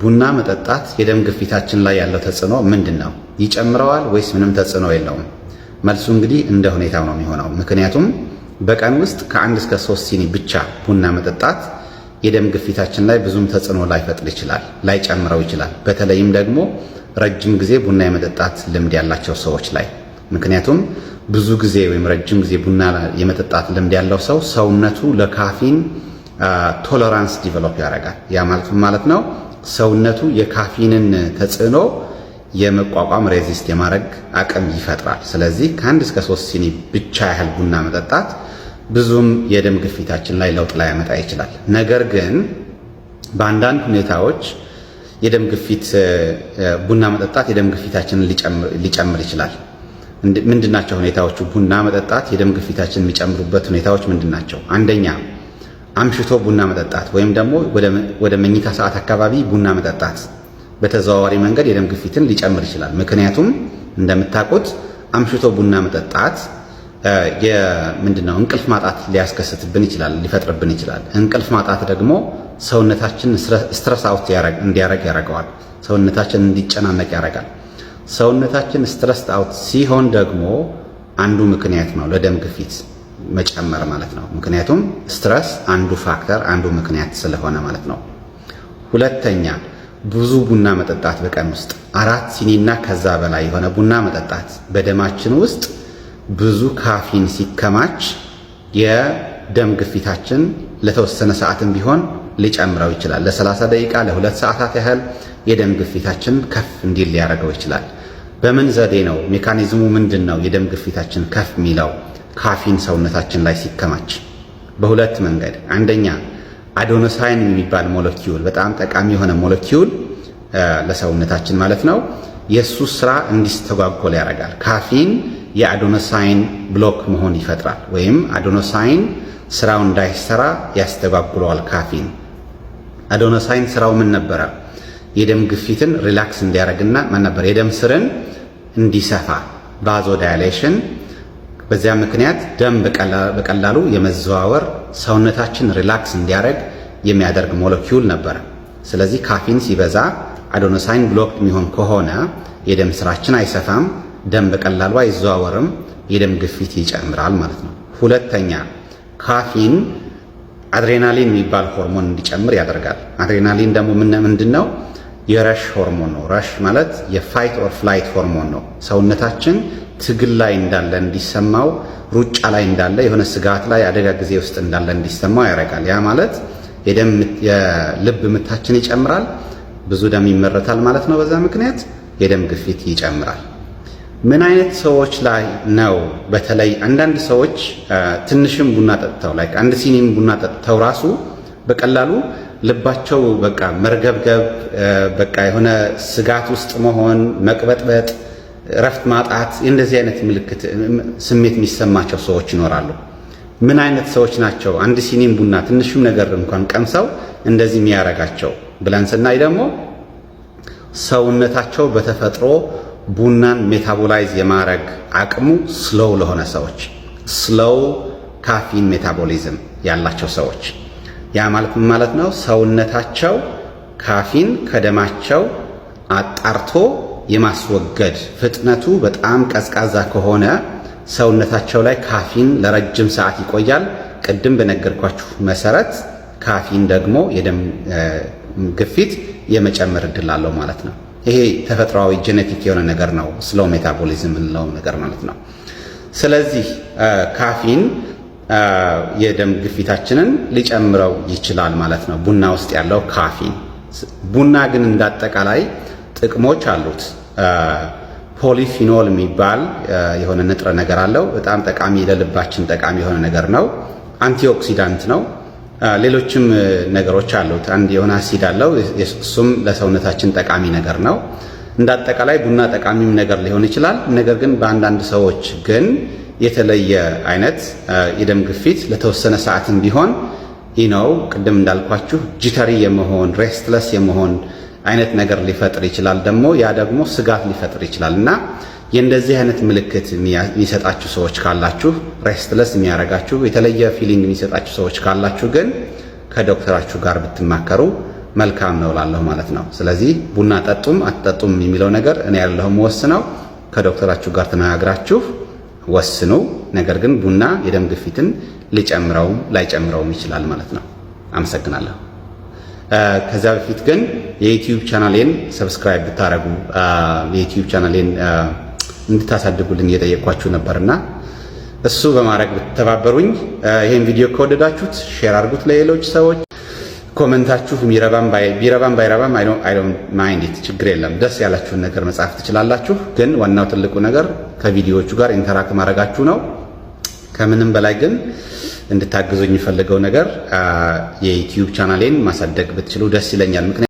ቡና መጠጣት የደም ግፊታችን ላይ ያለው ተጽዕኖ ምንድን ነው? ይጨምረዋል ወይስ ምንም ተጽዕኖ የለውም? መልሱ እንግዲህ እንደ ሁኔታው ነው የሚሆነው። ምክንያቱም በቀን ውስጥ ከአንድ እስከ ሶስት ሲኒ ብቻ ቡና መጠጣት የደም ግፊታችን ላይ ብዙም ተጽዕኖ ላይፈጥር ይችላል፣ ላይጨምረው ይችላል። በተለይም ደግሞ ረጅም ጊዜ ቡና የመጠጣት ልምድ ያላቸው ሰዎች ላይ ምክንያቱም ብዙ ጊዜ ወይም ረጅም ጊዜ ቡና የመጠጣት ልምድ ያለው ሰው ሰውነቱ ለካፊን ቶለራንስ ዲቨሎፕ ያደርጋል። ያ ማለት ማለት ነው ሰውነቱ የካፊንን ተጽዕኖ የመቋቋም ሬዚስት የማድረግ አቅም ይፈጥራል። ስለዚህ ከአንድ እስከ ሶስት ሲኒ ብቻ ያህል ቡና መጠጣት ብዙም የደም ግፊታችን ላይ ለውጥ ላያመጣ ይችላል። ነገር ግን በአንዳንድ ሁኔታዎች የደም ግፊት ቡና መጠጣት የደም ግፊታችንን ሊጨምር ይችላል። ምንድናቸው ሁኔታዎቹ? ቡና መጠጣት የደም ግፊታችንን የሚጨምሩበት ሁኔታዎች ምንድናቸው? አንደኛ አምሽቶ ቡና መጠጣት ወይም ደግሞ ወደ መኝታ ሰዓት አካባቢ ቡና መጠጣት በተዘዋዋሪ መንገድ የደም ግፊትን ሊጨምር ይችላል። ምክንያቱም እንደምታውቁት አምሽቶ ቡና መጠጣት ምንድነው እንቅልፍ ማጣት ሊያስከስትብን ይችላል፣ ሊፈጥርብን ይችላል። እንቅልፍ ማጣት ደግሞ ሰውነታችን ስትረስ አውት እንዲያረግ ያረገዋል። ሰውነታችን እንዲጨናነቅ ያረጋል። ሰውነታችን ስትረስ አውት ሲሆን ደግሞ አንዱ ምክንያት ነው ለደም ግፊት መጨመር ማለት ነው። ምክንያቱም ስትረስ አንዱ ፋክተር አንዱ ምክንያት ስለሆነ ማለት ነው። ሁለተኛ ብዙ ቡና መጠጣት፣ በቀን ውስጥ አራት ሲኒና ከዛ በላይ የሆነ ቡና መጠጣት በደማችን ውስጥ ብዙ ካፊን ሲከማች የደም ግፊታችን ለተወሰነ ሰዓትም ቢሆን ሊጨምረው ይችላል። ለ30 ደቂቃ ለሁለት ሰዓታት ያህል የደም ግፊታችን ከፍ እንዲል ሊያደርገው ይችላል። በምን ዘዴ ነው? ሜካኒዝሙ ምንድን ነው? የደም ግፊታችን ከፍ የሚለው ካፊን ሰውነታችን ላይ ሲከማች በሁለት መንገድ፣ አንደኛ አዶኖሳይን የሚባል ሞለኪውል በጣም ጠቃሚ የሆነ ሞለኪውል ለሰውነታችን ማለት ነው። የእሱ ስራ እንዲስተጓጎል ያደርጋል። ካፊን የአዶኖሳይን ብሎክ መሆን ይፈጥራል፣ ወይም አዶኖሳይን ስራው እንዳይሰራ ያስተጓጉለዋል። ካፊን አዶኖሳይን ስራው ምን ነበረ? የደም ግፊትን ሪላክስ እንዲያደርግና ምን ነበር? የደም ስርን እንዲሰፋ ቫዞ ዳይሌሽን በዚያ ምክንያት ደም በቀላሉ የመዘዋወር ሰውነታችን ሪላክስ እንዲያደርግ የሚያደርግ ሞለኪውል ነበረ። ስለዚህ ካፊን ሲበዛ አዶኖሳይን ብሎክድ የሚሆን ከሆነ የደም ስራችን አይሰፋም፣ ደም በቀላሉ አይዘዋወርም፣ የደም ግፊት ይጨምራል ማለት ነው። ሁለተኛ ካፊን አድሬናሊን የሚባል ሆርሞን እንዲጨምር ያደርጋል። አድሬናሊን ደግሞ ምንድን ነው? የረሽ ሆርሞን ነው። ረሽ ማለት የፋይት ኦር ፍላይት ሆርሞን ነው። ሰውነታችን ትግል ላይ እንዳለ እንዲሰማው፣ ሩጫ ላይ እንዳለ፣ የሆነ ስጋት ላይ አደጋ ጊዜ ውስጥ እንዳለ እንዲሰማው ያደርጋል። ያ ማለት የልብ ምታችን ይጨምራል፣ ብዙ ደም ይመረታል ማለት ነው። በዛ ምክንያት የደም ግፊት ይጨምራል። ምን አይነት ሰዎች ላይ ነው? በተለይ አንዳንድ ሰዎች ትንሽም ቡና ጠጥተው ላይ አንድ ሲኒም ቡና ጠጥተው ራሱ በቀላሉ ልባቸው በቃ መርገብገብ፣ በቃ የሆነ ስጋት ውስጥ መሆን፣ መቅበጥበጥ እረፍት ማጣት፣ እንደዚህ አይነት ምልክት ስሜት የሚሰማቸው ሰዎች ይኖራሉ። ምን አይነት ሰዎች ናቸው? አንድ ሲኒም ቡና ትንሹም ነገር እንኳን ቀምሰው እንደዚህ የሚያረጋቸው ብለን ስናይ ደግሞ ሰውነታቸው በተፈጥሮ ቡናን ሜታቦላይዝ የማረግ አቅሙ ስሎው ለሆነ ሰዎች ስሎው ካፊን ሜታቦሊዝም ያላቸው ሰዎች ያ ማለት ምን ማለት ነው? ሰውነታቸው ካፊን ከደማቸው አጣርቶ የማስወገድ ፍጥነቱ በጣም ቀዝቃዛ ከሆነ ሰውነታቸው ላይ ካፊን ለረጅም ሰዓት ይቆያል። ቅድም በነገርኳችሁ መሰረት ካፊን ደግሞ የደም ግፊት የመጨመር እድል አለው ማለት ነው። ይሄ ተፈጥሯዊ ጄኔቲክ የሆነ ነገር ነው፣ ስሎ ሜታቦሊዝም የምንለው ነገር ማለት ነው። ስለዚህ ካፊን የደም ግፊታችንን ሊጨምረው ይችላል ማለት ነው፣ ቡና ውስጥ ያለው ካፊን። ቡና ግን እንዳጠቃላይ ጥቅሞች አሉት። ፖሊፊኖል የሚባል የሆነ ንጥረ ነገር አለው። በጣም ጠቃሚ ለልባችን ጠቃሚ የሆነ ነገር ነው። አንቲኦክሲዳንት ነው። ሌሎችም ነገሮች አሉት። አንድ የሆነ አሲድ አለው። እሱም ለሰውነታችን ጠቃሚ ነገር ነው። እንዳጠቃላይ አጠቃላይ ቡና ጠቃሚም ነገር ሊሆን ይችላል። ነገር ግን በአንዳንድ ሰዎች ግን የተለየ አይነት የደም ግፊት ለተወሰነ ሰዓትም ቢሆን ይህ ነው። ቅድም እንዳልኳችሁ ጂተሪ የመሆን ሬስትለስ የመሆን አይነት ነገር ሊፈጥር ይችላል። ደግሞ ያ ደግሞ ስጋት ሊፈጥር ይችላል እና የእንደዚህ አይነት ምልክት የሚሰጣችሁ ሰዎች ካላችሁ፣ ሬስትለስ የሚያረጋችሁ የተለየ ፊሊንግ የሚሰጣችሁ ሰዎች ካላችሁ ግን ከዶክተራችሁ ጋር ብትማከሩ መልካም ነው እላለሁ ማለት ነው። ስለዚህ ቡና ጠጡም አትጠጡም የሚለው ነገር እኔ ያለሁ ወስነው ከዶክተራችሁ ጋር ተነጋግራችሁ ወስኑ። ነገር ግን ቡና የደም ግፊትን ሊጨምረውም ላይጨምረውም ይችላል ማለት ነው። አመሰግናለሁ። ከዛ በፊት ግን የዩቲዩብ ቻናሌን ሰብስክራይብ ብታደረጉ የዩቲዩብ ቻናሌን እንድታሳድጉልን እየጠየቅኳችሁ ነበርና እሱ በማድረግ ብትተባበሩኝ፣ ይህን ቪዲዮ ከወደዳችሁት ሼር አድርጉት ለሌሎች ሰዎች። ኮመንታችሁ ቢረባም ባይረባም አይዶን ማይንድ ችግር የለም። ደስ ያላችሁን ነገር መጻፍ ትችላላችሁ። ግን ዋናው ትልቁ ነገር ከቪዲዮዎቹ ጋር ኢንተራክ ማድረጋችሁ ነው። ከምንም በላይ ግን እንድታግዙኝ የሚፈልገው ነገር የዩቲዩብ ቻናሌን ማሳደግ ብትችሉ ደስ ይለኛል።